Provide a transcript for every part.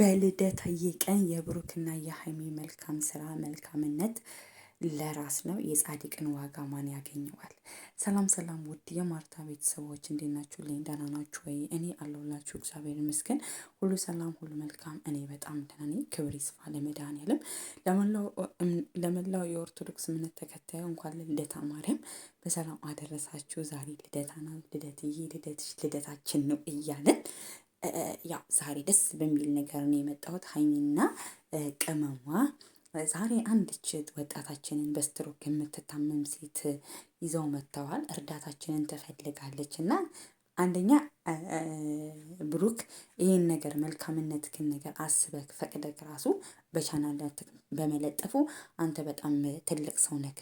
በልደታዬ ቀን የብሩክና የሀይሚ መልካም ስራ መልካምነት ለራስ ነው። የጻድቅን ዋጋ ማን ያገኘዋል? ሰላም ሰላም፣ ውድ የማርታ ቤተሰቦች እንዴት ናችሁ? ልኝ ደህና ናችሁ ወይ? እኔ አለሁላችሁ። እግዚአብሔር ይመስገን፣ ሁሉ ሰላም፣ ሁሉ መልካም። እኔ በጣም ደህና ነኝ። ክብር ይስፋ ለመድኃኔዓለም። ለመላው የኦርቶዶክስ እምነት ተከታዩ እንኳን ለልደታ ማርያም በሰላም አደረሳችሁ። ዛሬ ልደታ ናት፣ ልደትዬ፣ ልደትሽ፣ ልደታችን ነው እያለን ያው ዛሬ ደስ በሚል ነገር ነው የመጣሁት። ሀይሚና ቅመሟ ዛሬ አንድች ወጣታችንን በስትሮክ የምትታመም ሴት ይዘው መጥተዋል። እርዳታችንን ትፈልጋለች እና አንደኛ ብሩክ ይህን ነገር መልካምነትህን ነገር አስበህ ፈቅደህ ራሱ በቻናል በመለጠፉ አንተ በጣም ትልቅ ሰው ነህ፣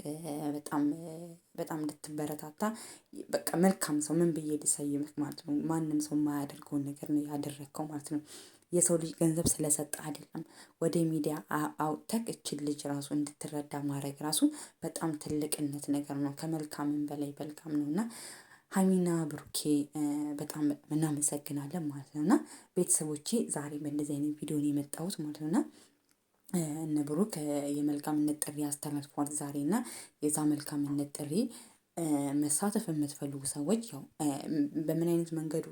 በጣም በጣም እንድትበረታታ በቃ መልካም ሰው ምን ብዬ ልሰይምህ ማለት ነው። ማንም ሰው የማያደርገውን ነገር ነው ያደረግከው ማለት ነው። የሰው ልጅ ገንዘብ ስለሰጠ አይደለም ወደ ሚዲያ አውጥተህ እችን ልጅ ራሱ እንድትረዳ ማድረግ ራሱ በጣም ትልቅነት ነገር ነው። ከመልካምም በላይ መልካም ነው እና ሀሚና ብሩኬ በጣም እናመሰግናለን ማለት ነው። እና ቤተሰቦቼ ዛሬ በእንደዚህ አይነት ቪዲዮ ነው የመጣሁት ማለት ነው እነ ብሩክ የመልካምነት ጥሪ አስተላልፏል ዛሬ እና የዛ መልካምነት ጥሪ መሳተፍ የምትፈልጉ ሰዎች ያው በምን አይነት መንገዱ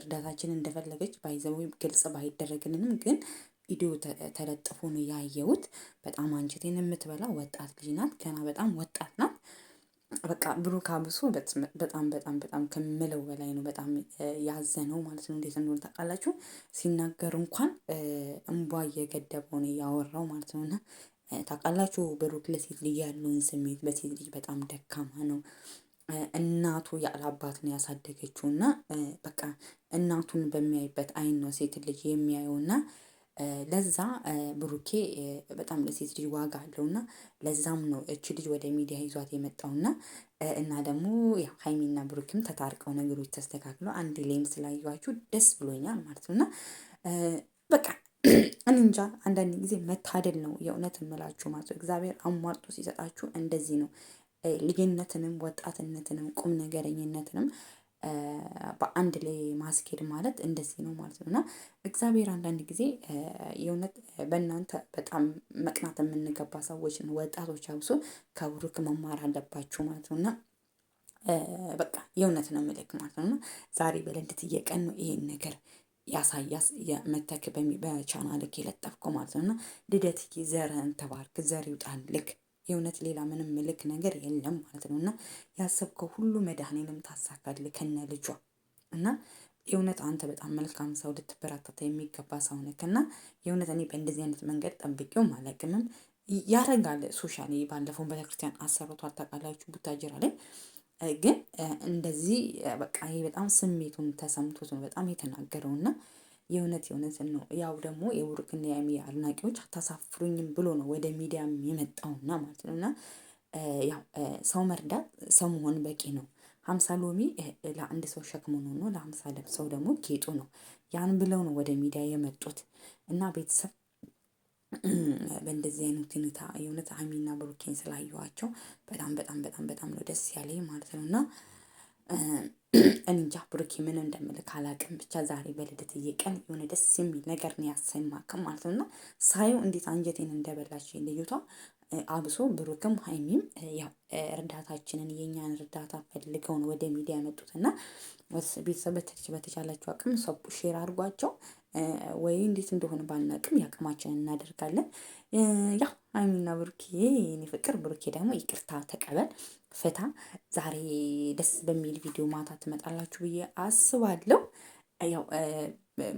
እርዳታችን እንደፈለገች ባይዘው ግልጽ ባይደረግልንም ግን ቪዲዮ ተለጥፎ ነው ያየሁት። በጣም አንጀቴን የምትበላ ወጣት ልጅ ናት። ገና በጣም ወጣት ናት። በቃ ብሩክ አብሶ በጣም በጣም በጣም ከምለው በላይ ነው። በጣም ያዘነው ማለት ነው። እንዴት እንደሆነ ታውቃላችሁ። ሲናገር እንኳን እንቧ እየገደበው ነው ያወራው ማለት ነው። እና ታውቃላችሁ ብሩክ ለሴት ልጅ ያለውን ስሜት፣ በሴት ልጅ በጣም ደካማ ነው። እናቱ ያለ አባት ነው ያሳደገችው እና በቃ እናቱን በሚያይበት አይን ነው ሴት ልጅ የሚያየውና ለዛ ብሩኬ በጣም ለሴት ልጅ ዋጋ አለው እና ለዛም ነው እች ልጅ ወደ ሚዲያ ይዟት የመጣውና እና ደግሞ ያው ሀይሚና ብሩኬም ተታርቀው ነገሮች ተስተካክለው አንድ ላይም ስላየኋችሁ ደስ ብሎኛል ማለት ነው እና በቃ እኔ እንጃ አንዳንድ ጊዜ መታደል ነው የእውነት እምላችሁ ማለት ነው። እግዚአብሔር አሟልጦ ሲሰጣችሁ እንደዚህ ነው። ልጅነትንም ወጣትነትንም ቁም ነገረኝነትንም በአንድ ላይ ማስኬድ ማለት እንደዚህ ነው ማለት ነው እና እግዚአብሔር አንዳንድ ጊዜ የእውነት በእናንተ በጣም መቅናት የምንገባ ሰዎች ነው። ወጣቶች አብሶ ከብሩክ መማር አለባችሁ ማለት ነው እና በቃ የእውነት ነው ምልክ ማለት ነው እና ዛሬ በለንድት እየቀን ነው ይሄን ነገር ያሳያስ መተክ በቻናልክ የለጠፍኩ ማለት ነው እና ልደት ዘርህን ተባርክ ዘር ይውጣልክ የእውነት ሌላ ምንም ምልክ ነገር የለም ማለት ነው። እና ያሰብከው ሁሉ መድኃኔዓለም ታሳካልህ ከነ ልጇ እና የእውነት አንተ በጣም መልካም ሰው ልትበራታታ የሚገባ ሰው ነህ እና የእውነት እኔ በእንደዚህ አይነት መንገድ ጠብቄውም አላቅምም ያረጋል ሶሻሊ ባለፈውን ቤተክርስቲያን አሰርቷ አታውቃላችሁ ቡታጅራ ላይ ግን እንደዚህ በቃ ይሄ በጣም ስሜቱን ተሰምቶት ነው በጣም የተናገረውና የእውነት የእውነትን ነው። ያው ደግሞ የብሩክና የሀይሚ አድናቂዎች አታሳፍሩኝም ብሎ ነው ወደ ሚዲያም የመጣውና ማለት ነው። እና ያው ሰው መርዳት ሰው መሆን በቂ ነው። ሀምሳ ሎሚ ለአንድ ሰው ሸክሙ ነው፣ ነው ለሀምሳ ሰው ደግሞ ጌጡ ነው። ያን ብለው ነው ወደ ሚዲያ የመጡት እና ቤተሰብ በእንደዚህ አይነት ሁኔታ የእውነት ሀይሚና ብሩኬን ስላየኋቸው በጣም በጣም በጣም በጣም ነው ደስ ያለኝ ማለት ነው እና እንጃ ብሩኬ ምን እንደምልክ አላቅም። ብቻ ዛሬ በልደትዬ ቀን የሆነ ደስ የሚል ነገር ነው ያሰማክም ማለት ነው እና ሳየው እንዴት አንጀቴን እንደበላች ልዩቷ። አብሶ ብሩክም ሀይሚም ያው እርዳታችንን የእኛን እርዳታ ፈልገውን ወደ ሚዲያ ያመጡት እና ቤተሰብ በተቻላቸው አቅም ሰቡ ሼር አድርጓቸው ወይ እንዴት እንደሆነ ባናቅም የአቅማችንን እናደርጋለን። ያ ሀይሚና ብሩኬ የኔ ፍቅር፣ ብሩኬ ደግሞ ይቅርታ ተቀበል ፍታ። ዛሬ ደስ በሚል ቪዲዮ ማታ ሰዓት ትመጣላችሁ ብዬ አስባለሁ። ያው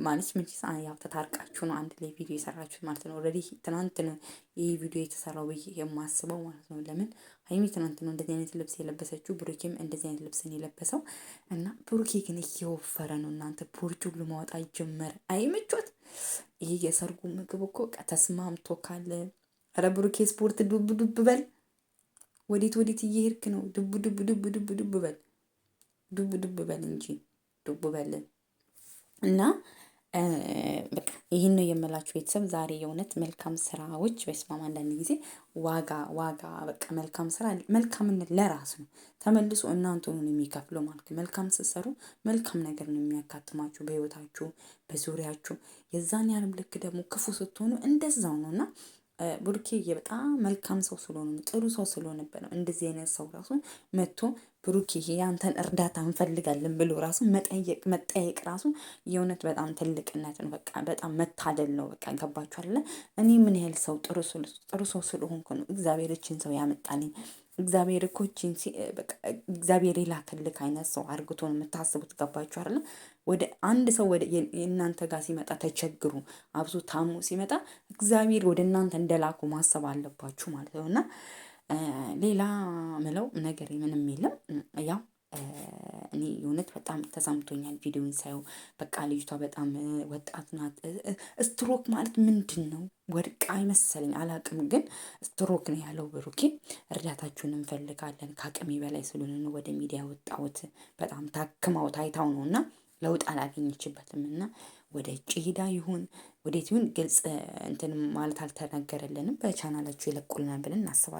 ማለች ምን ያው ተታርቃችሁ ነው አንድ ላይ ቪዲዮ የሰራችሁት ማለት ነው። ኦልሬዲ ትናንት ነው ይህ ቪዲዮ የተሰራው ብዬ የማስበው ማለት ነው። ለምን ሀይሚ ትናንት ነው እንደዚህ አይነት ልብስ የለበሰችው፣ ብሩኬም እንደዚህ አይነት ልብስን የለበሰው እና ብሩኬ ግን እየወፈረ ነው። እናንተ ቦርጩን ለማወጣ ጀመረ። አይ ምቾት! ይህ የሰርጉ ምግብ እኮ ተስማምቶ ካለ ኧረ ብሩኬ ስፖርት ዱብ ዱብ በል። ወዴት ወዴት እየሄድክ ነው? ዱብ ዱብ ዱብ ዱብ ዱብ በል ዱብ ዱብ በል እንጂ ዱብ በል እና በቃ ይህን ነው የምላችሁ ቤተሰብ። ዛሬ የእውነት መልካም ስራዎች በስማም አንዳንድ ጊዜ ዋጋ ዋጋ በቃ መልካም ስራ መልካምነት ለራስ ነው ተመልሶ እናንተ ሆኑን የሚከፍለው ማለት መልካም ስትሰሩ መልካም ነገር ነው የሚያካትማችሁ በህይወታችሁ፣ በዙሪያችሁ። የዛን ያህልም ልክ ደግሞ ክፉ ስትሆኑ እንደዛው ነው እና ብሩኬዬ በጣም መልካም ሰው ስለሆነ ነው፣ ጥሩ ሰው ስለሆነበት ነው። እንደዚህ አይነት ሰው ራሱ መጥቶ ብሩኬ ያንተን እርዳታ እንፈልጋለን ብሎ ራሱ መጠየቅ መጠየቅ ራሱ የእውነት በጣም ትልቅነት ነው። በቃ በጣም መታደል ነው። በቃ ገባችሁ እኔ ምን ያህል ሰው ጥሩ ሰው ስለሆንኩ ነው እግዚአብሔር እችን ሰው ያመጣልኝ እግዚአብሔር እኮ እቺን እግዚአብሔር የላከልክ አይነት ሰው አርግቶ ነው የምታስቡት። ገባችሁ አለ ወደ አንድ ሰው ወደ እናንተ ጋር ሲመጣ ተቸግሩ፣ አብሶ ታሙ ሲመጣ እግዚአብሔር ወደ እናንተ እንደላኩ ማሰብ አለባችሁ ማለት ነው። እና ሌላ ምለው ነገር ምንም የለም ያው እኔ እውነት በጣም ተሰምቶኛል ቪዲዮን ሳየው። በቃ ልጅቷ በጣም ወጣት ናት። ስትሮክ ማለት ምንድን ነው? ወድቃ አይመሰለኝ አላቅም፣ ግን ስትሮክ ነው ያለው ብሩኬ። እርዳታችሁን እንፈልጋለን ከአቅሜ በላይ ስለሆነ ነው ወደ ሚዲያ ወጣሁት። በጣም ታክማው ታይታው ነው እና ለውጥ አላገኘችበትም እና ወደ እጭ ይሁን ወዴት ይሁን ግልጽ እንትን ማለት አልተነገረልንም። በቻናላችሁ ይለቁልናል ብለን እናስባለን።